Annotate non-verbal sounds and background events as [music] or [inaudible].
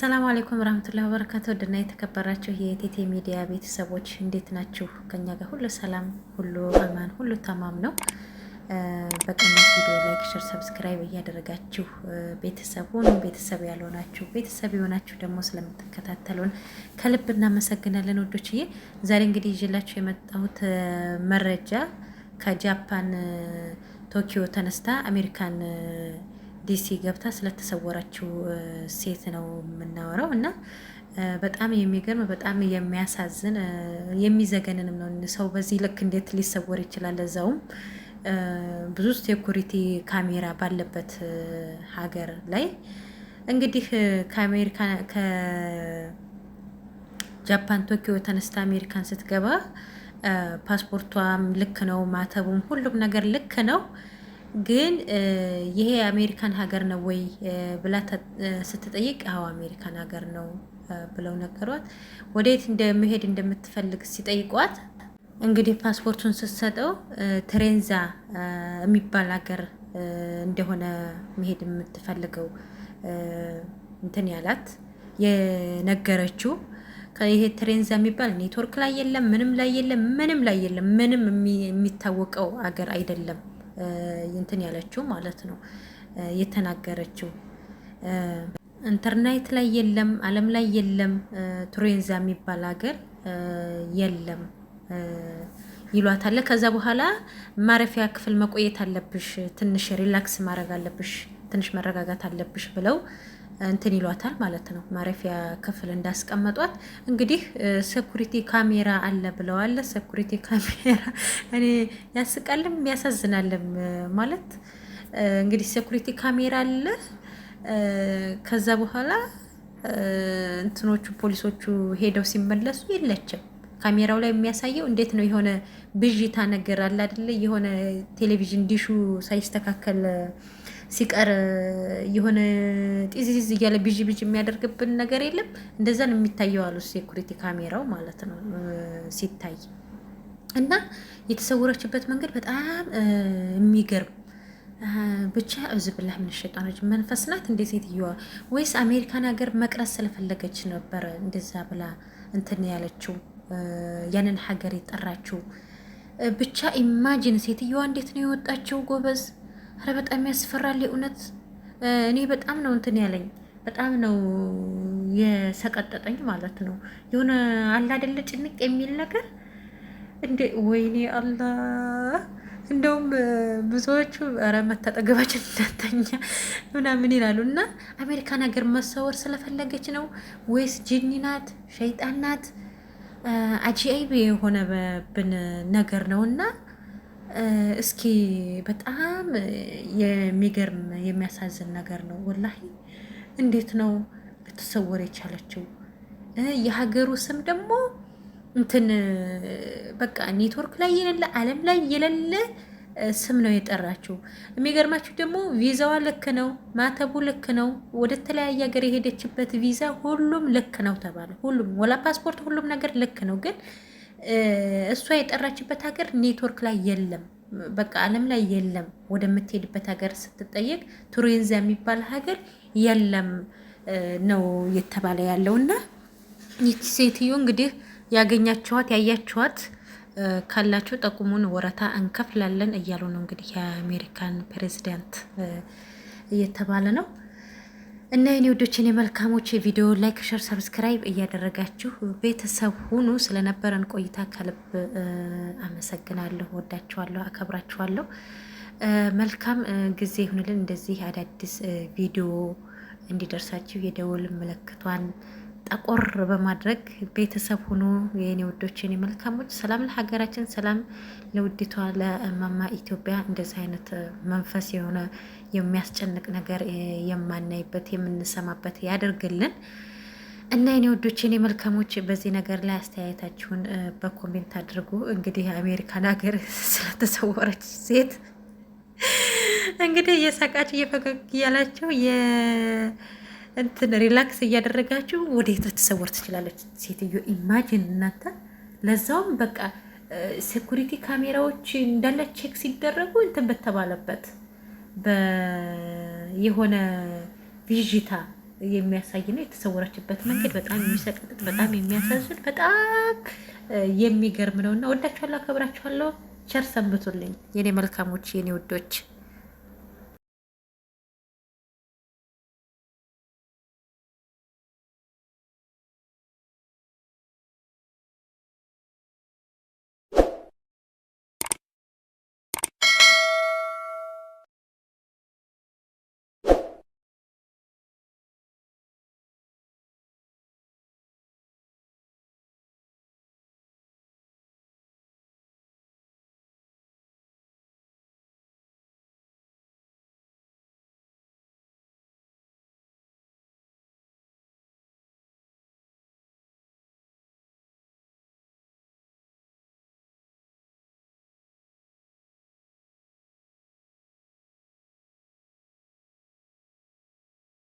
ሰላም አለይኩም ረህመቱላሂ ወበረካቱ ድና የተከበራችሁ የቴቴ ሚዲያ ቤተሰቦች እንዴት ናችሁ? ከኛ ጋር ሁሉ ሰላም፣ ሁሉ አማን፣ ሁሉ ተማም ነው። በቀናት ቪዲዮ ላይክ፣ ሸር፣ ሰብስክራይብ እያደረጋችሁ ቤተሰቡን ቤተሰብ ያልሆናችሁ ቤተሰብ የሆናችሁ ደግሞ ስለምትከታተሉን ከልብ እናመሰግናለን ወዶችዬ። ዛሬ እንግዲህ ይዤላችሁ የመጣሁት መረጃ ከጃፓን ቶኪዮ ተነስታ አሜሪካን ዲሲ ገብታ ስለተሰወረችው ሴት ነው የምናወራው እና በጣም የሚገርም በጣም የሚያሳዝን የሚዘገንንም ነው። ሰው በዚህ ልክ እንዴት ሊሰወር ይችላል? እዛውም ብዙ ሴኩሪቲ ካሜራ ባለበት ሀገር ላይ እንግዲህ ከአሜሪካ ከጃፓን ቶኪዮ ተነስታ አሜሪካን ስትገባ ፓስፖርቷም ልክ ነው፣ ማተቡም ሁሉም ነገር ልክ ነው። ግን ይሄ የአሜሪካን ሀገር ነው ወይ ብላ ስትጠይቅ አዎ አሜሪካን ሀገር ነው ብለው ነገሯት። ወደየት እንደመሄድ እንደምትፈልግ ሲጠይቋት እንግዲህ ፓስፖርቱን ስትሰጠው ትሬንዛ የሚባል ሀገር እንደሆነ መሄድ የምትፈልገው እንትን ያላት የነገረችው ይሄ ትሬንዛ የሚባል ኔትወርክ ላይ የለም፣ ምንም ላይ የለም፣ ምንም ላይ የለም፣ ምንም የሚታወቀው አገር አይደለም እንትን ያለችው ማለት ነው የተናገረችው። ኢንተርኔት ላይ የለም፣ ዓለም ላይ የለም፣ ቱሬንዛ የሚባል ሀገር የለም ይሏታል። ከዛ በኋላ ማረፊያ ክፍል መቆየት አለብሽ፣ ትንሽ ሪላክስ ማድረግ አለብሽ፣ ትንሽ መረጋጋት አለብሽ ብለው እንትን ይሏታል ማለት ነው። ማረፊያ ክፍል እንዳስቀመጧት እንግዲህ ሴኩሪቲ ካሜራ አለ ብለዋል። ሴኩሪቲ ካሜራ [laughs] እኔ ያስቃልም ያሳዝናልም ማለት እንግዲህ ሴኩሪቲ ካሜራ አለ። ከዛ በኋላ እንትኖቹ ፖሊሶቹ ሄደው ሲመለሱ የለችም። ካሜራው ላይ የሚያሳየው እንዴት ነው? የሆነ ብዥታ ነገር አለ አይደለ? የሆነ ቴሌቪዥን ዲሹ ሳይስተካከል ሲቀር የሆነ ጢዝዝ እያለ ብዥ ብዥ የሚያደርግብን ነገር የለም። እንደዛን የሚታየው አሉ ሴኩሪቲ ካሜራው ማለት ነው ሲታይ እና የተሰወረችበት መንገድ በጣም የሚገርም ብቻ እዚ ብላ ምን መንፈስ ናት እንደ ሴትዮዋ ወይስ አሜሪካን ሀገር መቅረስ ስለፈለገች ነበረ እንደዛ ብላ እንትን ያለችው ያንን ሀገር የጠራችው ብቻ ኢማጂን ሴትዮዋ እንዴት ነው የወጣችው ጎበዝ አረ በጣም ያስፈራል። የእውነት እኔ በጣም ነው እንትን ያለኝ በጣም ነው የሰቀጠጠኝ ማለት ነው። የሆነ አለ አይደለ ጭንቅ የሚል ነገር እንዴ! ወይኔ አላ እንደውም ብዙዎቹ ኧረ መታጠገባችን እንዳተኛ ምናምን ይላሉ። እና አሜሪካን ሀገር መሰወር ስለፈለገች ነው ወይስ ጅኒ ናት ሸይጣን ናት? አጂአይብ የሆነብን ነገር ነው እና እስኪ በጣም የሚገርም የሚያሳዝን ነገር ነው ወላሂ። እንዴት ነው ልትሰወር የቻለችው? የሀገሩ ስም ደግሞ እንትን በቃ ኔትወርክ ላይ የሌለ ዓለም ላይ የሌለ ስም ነው የጠራችው። የሚገርማችሁ ደግሞ ቪዛዋ ልክ ነው፣ ማተቡ ልክ ነው። ወደ ተለያየ ሀገር የሄደችበት ቪዛ ሁሉም ልክ ነው ተባለ። ሁሉም ወላ ፓስፖርት፣ ሁሉም ነገር ልክ ነው ግን እሷ የጠራችበት ሀገር ኔትወርክ ላይ የለም፣ በቃ ዓለም ላይ የለም። ወደምትሄድበት ሀገር ስትጠየቅ ቱሪንዛ የሚባል ሀገር የለም ነው እየተባለ ያለው እና ይቺ ሴትዮ እንግዲህ ያገኛችኋት ያያችኋት ካላችሁ ጠቁሙን፣ ወረታ እንከፍላለን እያሉ ነው እንግዲህ የአሜሪካን ፕሬዚዳንት እየተባለ ነው። እና የኔ ውዶች የኔ መልካሞች የቪዲዮ ላይክ፣ ሸር፣ ሰብስክራይብ እያደረጋችሁ ቤተሰብ ሁኑ። ስለነበረን ቆይታ ከልብ አመሰግናለሁ። ወዳችኋለሁ፣ አከብራችኋለሁ። መልካም ጊዜ ይሁንልን። እንደዚህ አዳዲስ ቪዲዮ እንዲደርሳችሁ የደወል ምልክቷን ጠቆር በማድረግ ቤተሰብ ሁኑ። የኔ ውዶች፣ የኔ መልካሞች፣ ሰላም ለሀገራችን፣ ሰላም ለውዲቷ ለእማማ ኢትዮጵያ። እንደዚህ አይነት መንፈስ የሆነ የሚያስጨንቅ ነገር የማናይበት የምንሰማበት ያደርግልን እና የኔ ውዶች፣ የኔ መልካሞች፣ በዚህ ነገር ላይ አስተያየታችሁን በኮሜንት አድርጉ። እንግዲህ አሜሪካን ሀገር [laughs] ስለተሰወረች ሴት እንግዲህ እየሳቃችሁ እየፈገግ እያላቸው። እንትን ሪላክስ እያደረጋችሁ ወደ የት ትሰወር ትችላለች ሴትዮ። ኢማጂን እናንተ ለዛውም በቃ ሴኩሪቲ ካሜራዎች እንዳለ ቼክ ሲደረጉ እንትን በተባለበት የሆነ ቪዥታ የሚያሳይ ነው የተሰወረችበት መንገድ። በጣም የሚሰቀጥጥ በጣም የሚያሳዝን በጣም የሚገርም ነው እና ወዳችኋለሁ፣ አከብራችኋለሁ። ቸር ሰንብቱልኝ የኔ መልካሞች፣ የኔ ውዶች።